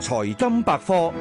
財金百科，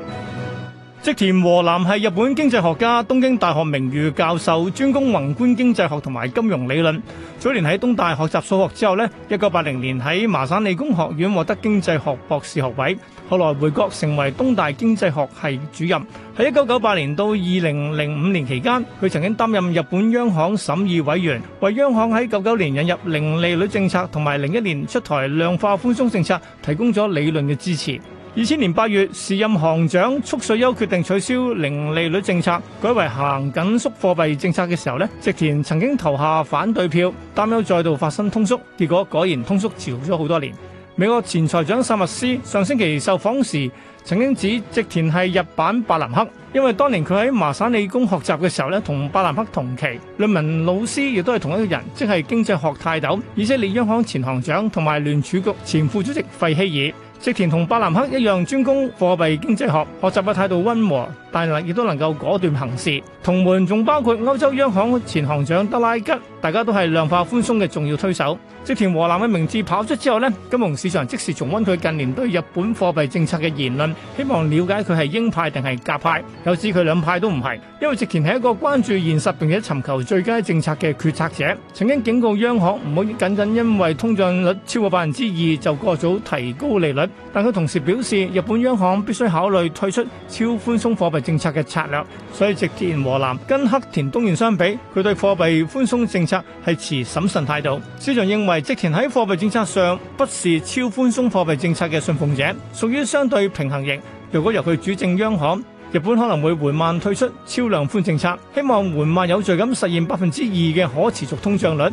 植田和男係日本經濟學家，東京大學名譽教授，專攻宏觀經濟學同埋金融理論。早年喺東大學習數學之後，呢一九八零年喺麻省理工學院獲得經濟學博士學位，後來回國成為東大經濟學系主任。喺一九九八年到二零零五年期間，佢曾經擔任日本央行審議委員，為央行喺九九年引入零利率政策同埋零一年出台量化寬鬆政策提供咗理論嘅支持。二千年八月，時任行長速水優決定取消零利率政策，改為行緊縮貨幣政策嘅時候呢，植田曾經投下反對票，擔憂再度發生通縮，結果果然通縮潮咗好多年。美國前財長薩默斯上星期受訪時，曾經指植田係日版伯南克，因為當年佢喺麻省理工學習嘅時候呢，同伯南克同期，論文老師亦都係同一個人，即係經濟學泰斗以色列央行前行長同埋聯儲局前副主席費希爾。植田同伯南克一樣專攻貨幣經濟學，學習嘅態度溫和，但亦都能夠果斷行事。同門仲包括歐洲央行前行長德拉吉，大家都係量化寬鬆嘅重要推手。植田和男嘅名字跑出之後咧，金融市場即時重溫佢近年對日本貨幣政策嘅言論，希望了解佢係鷹派定係鴿派。有指佢兩派都唔係，因為植田係一個關注現實並且尋求最佳政策嘅決策者，曾經警告央行唔好僅僅因為通脹率超過百分之二就過早提高利率。但佢同時表示，日本央行必須考慮退出超寬鬆貨幣政策嘅策略。所以，植田和男跟黑田東彥相比，佢對貨幣寬鬆政策係持審慎態度。市場認為，植田喺貨幣政策上不是超寬鬆貨幣政策嘅信奉者，屬於相對平衡型。如果由佢主政央行，日本可能會緩慢退出超量寬政策，希望緩慢有序咁實現百分之二嘅可持續通脹率。